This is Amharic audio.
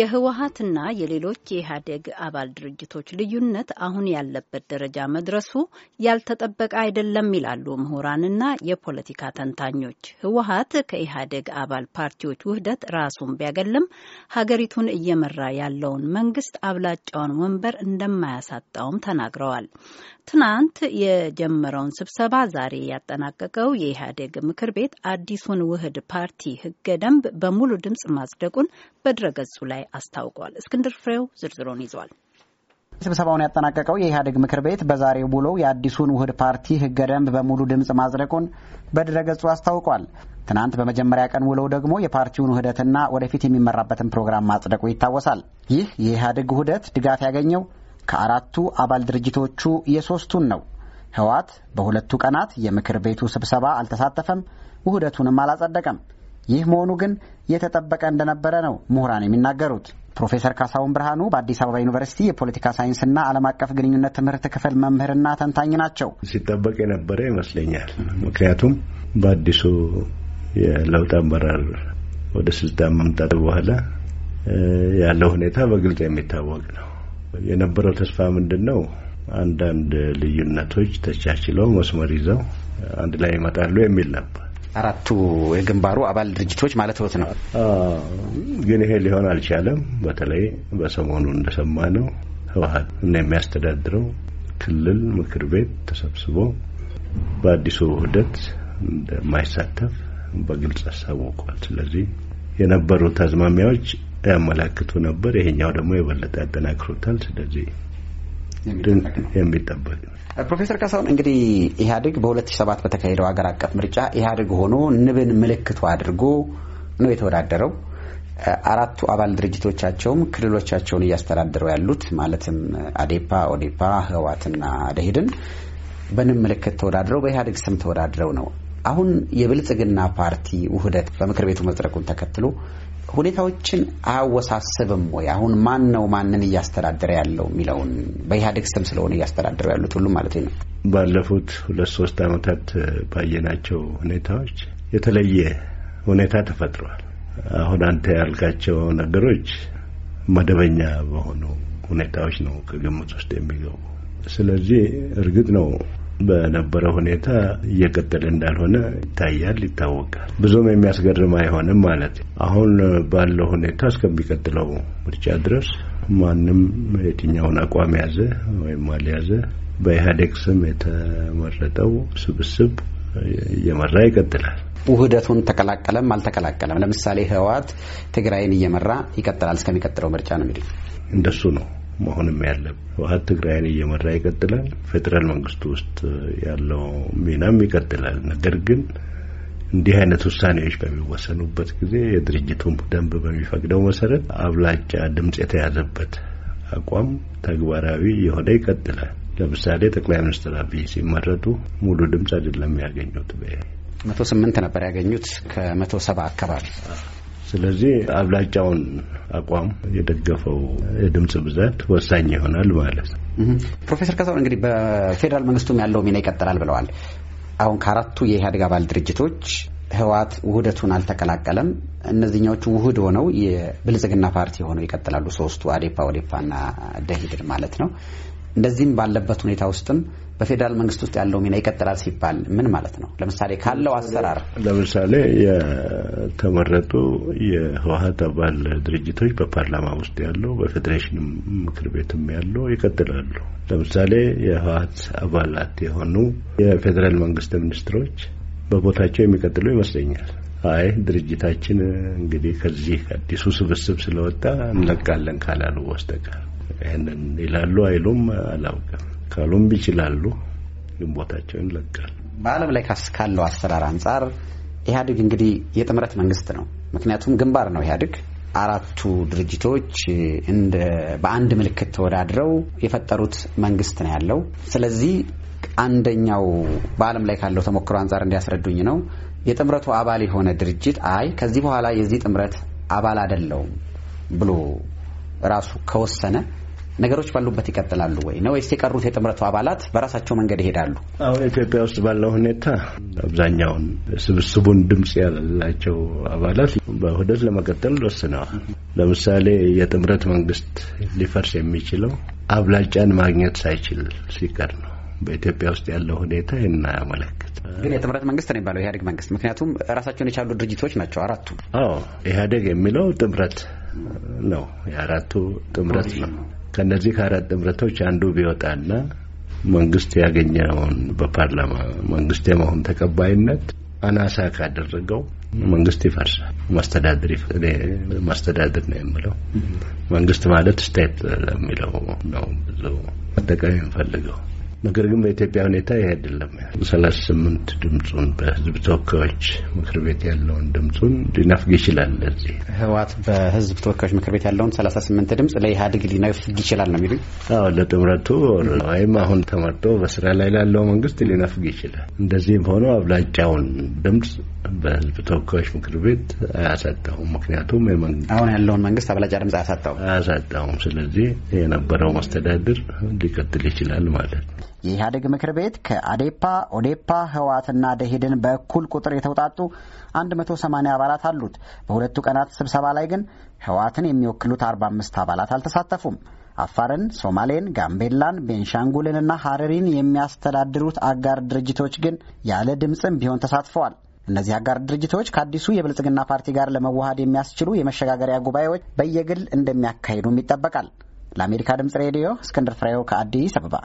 የህወሀትና የሌሎች የኢህአዴግ አባል ድርጅቶች ልዩነት አሁን ያለበት ደረጃ መድረሱ ያልተጠበቀ አይደለም ይላሉ ምሁራንና የፖለቲካ ተንታኞች። ህወሀት ከኢህአዴግ አባል ፓርቲዎች ውህደት ራሱን ቢያገልም ሀገሪቱን እየመራ ያለውን መንግስት አብላጫውን ወንበር እንደማያሳጣውም ተናግረዋል። ትናንት የጀመረውን ስብሰባ ዛሬ ያጠናቀቀው የኢህአዴግ ምክር ቤት አዲሱን ውህድ ፓርቲ ህገ ደንብ በሙሉ ድምጽ ማጽደቁን በድረገጹ ላይ አስታውቋል። እስክንድር ፍሬው ዝርዝሩን ይዟል። ስብሰባውን ያጠናቀቀው የኢህአዴግ ምክር ቤት በዛሬው ውሎው የአዲሱን ውህድ ፓርቲ ህገ ደንብ በሙሉ ድምፅ ማጽደቁን በድረገጹ አስታውቋል። ትናንት በመጀመሪያ ቀን ውለው ደግሞ የፓርቲውን ውህደትና ወደፊት የሚመራበትን ፕሮግራም ማጽደቁ ይታወሳል። ይህ የኢህአዴግ ውህደት ድጋፍ ያገኘው ከአራቱ አባል ድርጅቶቹ የሶስቱን ነው። ህወሓት በሁለቱ ቀናት የምክር ቤቱ ስብሰባ አልተሳተፈም፣ ውህደቱንም አላጸደቀም። ይህ መሆኑ ግን የተጠበቀ እንደነበረ ነው ምሁራን የሚናገሩት። ፕሮፌሰር ካሳሁን ብርሃኑ በአዲስ አበባ ዩኒቨርሲቲ የፖለቲካ ሳይንስና ዓለም አቀፍ ግንኙነት ትምህርት ክፍል መምህርና ተንታኝ ናቸው። ሲጠበቅ የነበረ ይመስለኛል። ምክንያቱም በአዲሱ የለውጥ አመራር ወደ ስልጣን መምጣት በኋላ ያለው ሁኔታ በግልጽ የሚታወቅ ነው። የነበረው ተስፋ ምንድን ነው? አንዳንድ ልዩነቶች ተቻችለው መስመር ይዘው አንድ ላይ ይመጣሉ የሚል ነበር። አራቱ የግንባሩ አባል ድርጅቶች ማለት ወት ነው። ግን ይሄ ሊሆን አልቻለም። በተለይ በሰሞኑ እንደሰማ ነው ህወሀት እና የሚያስተዳድረው ክልል ምክር ቤት ተሰብስቦ በአዲሱ ውህደት እንደማይሳተፍ በግልጽ አሳውቋል። ስለዚህ የነበሩት አዝማሚያዎች ያመላክቱ ነበር። ይሄኛው ደግሞ የበለጠ ያጠናክሩታል። ስለዚህ የሚጠበቅ ፕሮፌሰር ካሳሁን እንግዲህ ኢህአዴግ በ2007 በተካሄደው ሀገር አቀፍ ምርጫ ኢህአዴግ ሆኖ ንብን ምልክቱ አድርጎ ነው የተወዳደረው። አራቱ አባል ድርጅቶቻቸውም ክልሎቻቸውን እያስተዳደሩ ያሉት ማለትም አዴፓ፣ ኦዴፓ፣ ህወሓትና ደሄድን በንብ ምልክት ተወዳድረው በኢህአዴግ ስም ተወዳድረው ነው አሁን የብልጽግና ፓርቲ ውህደት በምክር ቤቱ መጽደቁን ተከትሎ ሁኔታዎችን አያወሳስብም ወይ? አሁን ማን ነው ማንን እያስተዳደረ ያለው የሚለውን በኢህአዴግ ስም ስለሆነ እያስተዳደሩ ያሉት ሁሉም ማለት ነው። ባለፉት ሁለት ሶስት አመታት ባየናቸው ሁኔታዎች የተለየ ሁኔታ ተፈጥሯል። አሁን አንተ ያልካቸው ነገሮች መደበኛ በሆኑ ሁኔታዎች ነው ከግምት ውስጥ የሚገቡ። ስለዚህ እርግጥ ነው በነበረ ሁኔታ እየቀጠለ እንዳልሆነ ይታያል፣ ይታወቃል። ብዙም የሚያስገርም አይሆንም ማለት አሁን ባለው ሁኔታ እስከሚቀጥለው ምርጫ ድረስ ማንም የትኛውን አቋም ያዘ ወይም አልያዘ በኢህአዴግ ስም የተመረጠው ስብስብ እየመራ ይቀጥላል። ውህደቱን ተቀላቀለም አልተቀላቀለም፣ ለምሳሌ ህወሓት ትግራይን እየመራ ይቀጥላል እስከሚቀጥለው ምርጫ ነው የሚሉኝ። እንደሱ ነው። መሆንም ያለ ህወሀት ትግራይን እየመራ ይቀጥላል። ፌዴራል መንግስቱ ውስጥ ያለው ሚናም ይቀጥላል። ነገር ግን እንዲህ አይነት ውሳኔዎች በሚወሰኑበት ጊዜ የድርጅቱን ደንብ በሚፈቅደው መሰረት አብላጫ ድምጽ የተያዘበት አቋም ተግባራዊ የሆነ ይቀጥላል። ለምሳሌ ጠቅላይ ሚኒስትር አብይ ሲመረጡ ሙሉ ድምጽ አይደለም ያገኙት። መቶ ስምንት ነበር ያገኙት ከመቶ ሰባ አካባቢ ስለዚህ አብላጫውን አቋም የደገፈው የድምፅ ብዛት ወሳኝ ይሆናል ማለት ነው። ፕሮፌሰር ካሳሁን እንግዲህ በፌዴራል መንግስቱም ያለው ሚና ይቀጥላል ብለዋል። አሁን ከአራቱ የኢህአዴግ አባል ድርጅቶች ህወሓት ውህደቱን አልተቀላቀለም። እነዚህኛዎቹ ውህድ ሆነው የብልጽግና ፓርቲ ሆነው ይቀጥላሉ። ሶስቱ አዴፓ፣ ኦዴፓ እና ደሂድን ማለት ነው። እንደዚህም ባለበት ሁኔታ ውስጥም በፌዴራል መንግስት ውስጥ ያለው ሚና ይቀጥላል ሲባል ምን ማለት ነው? ለምሳሌ ካለው አሰራር ለምሳሌ የተመረጡ የህወሀት አባል ድርጅቶች በፓርላማ ውስጥ ያለው በፌዴሬሽን ምክር ቤትም ያለው ይቀጥላሉ። ለምሳሌ የህወሀት አባላት የሆኑ የፌዴራል መንግስት ሚኒስትሮች በቦታቸው የሚቀጥሉ ይመስለኛል። አይ ድርጅታችን እንግዲህ ከዚህ አዲሱ ስብስብ ስለወጣ እንለቃለን ካላሉ በስተቀር ይህንን ይላሉ አይሉም አላውቅም። ካሉም ይችላሉ፣ ግን ቦታቸውን ይለቃሉ። በዓለም ላይ ካለው አሰራር አንጻር ኢህአዴግ እንግዲህ የጥምረት መንግስት ነው። ምክንያቱም ግንባር ነው ኢህአዴግ አራቱ ድርጅቶች እንደ በአንድ ምልክት ተወዳድረው የፈጠሩት መንግስት ነው ያለው። ስለዚህ አንደኛው በዓለም ላይ ካለው ተሞክሮ አንጻር እንዲያስረዱኝ ነው የጥምረቱ አባል የሆነ ድርጅት አይ ከዚህ በኋላ የዚህ ጥምረት አባል አይደለውም ብሎ ራሱ ከወሰነ ነገሮች ባሉበት ይቀጥላሉ ወይ ነው ወይስ የቀሩት የጥምረቱ አባላት በራሳቸው መንገድ ይሄዳሉ? አሁን ኢትዮጵያ ውስጥ ባለው ሁኔታ አብዛኛውን ስብስቡን ድምጽ ያላቸው አባላት በውህደት ለመቀጠል ወስነዋል። ለምሳሌ የጥምረት መንግስት ሊፈርስ የሚችለው አብላጫን ማግኘት ሳይችል ሲቀር ነው። በኢትዮጵያ ውስጥ ያለው ሁኔታ ያመለክት ግን የጥምረት መንግስት ነው የሚባለው ኢህአዴግ መንግስት ምክንያቱም ራሳቸውን የቻሉ ድርጅቶች ናቸው አራቱ። አዎ ኢህአዴግ የሚለው ጥምረት ነው፣ የአራቱ ጥምረት ነው። ከነዚህ ከአራት ጥምረቶች አንዱ ቢወጣና መንግስት ያገኘውን በፓርላማ መንግስት የመሆን ተቀባይነት አናሳ ካደረገው መንግስት ይፈርሳል። ማስተዳደር ማስተዳደር ነው የምለው መንግስት ማለት ስቴት ለሚለው ነው ብዙ አጠቃላይ የምፈልገው ነገር ግን በኢትዮጵያ ሁኔታ ይህ አይደለም። ሰላሳ ስምንት ድምፁን በህዝብ ተወካዮች ምክር ቤት ያለውን ድምፁን ሊነፍግ ይችላል። ለዚህ ህወሓት በህዝብ ተወካዮች ምክር ቤት ያለውን ሰላሳ ስምንት ድምፅ ለኢህአዴግ ሊነፍግ ይችላል ነው የሚሉኝ? አዎ ለጥምረቱ ወይም አሁን ተመርጦ በስራ ላይ ላለው መንግስት ሊነፍግ ይችላል። እንደዚህም ሆኖ አብላጫውን ድምፅ በህዝብ ተወካዮች ምክር ቤት አያሳጣውም። ምክንያቱም አሁን ያለውን መንግስት አብላጫ ድምፅ አያሳጣውም አያሳጣውም። ስለዚህ የነበረው መስተዳድር ሊቀጥል ይችላል ማለት ነው። የኢህአዴግ ምክር ቤት ከአዴፓ፣ ኦዴፓ፣ ህወሓትና ደሄድን በእኩል ቁጥር የተውጣጡ 180 አባላት አሉት። በሁለቱ ቀናት ስብሰባ ላይ ግን ህወሓትን የሚወክሉት 45 አባላት አልተሳተፉም። አፋርን፣ ሶማሌን፣ ጋምቤላን፣ ቤንሻንጉልንና ሀረሪን የሚያስተዳድሩት አጋር ድርጅቶች ግን ያለ ድምፅም ቢሆን ተሳትፈዋል። እነዚህ አጋር ድርጅቶች ከአዲሱ የብልጽግና ፓርቲ ጋር ለመዋሃድ የሚያስችሉ የመሸጋገሪያ ጉባኤዎች በየግል እንደሚያካሂዱም ይጠበቃል። ለአሜሪካ ድምፅ ሬዲዮ እስክንድር ፍሬው ከአዲስ አበባ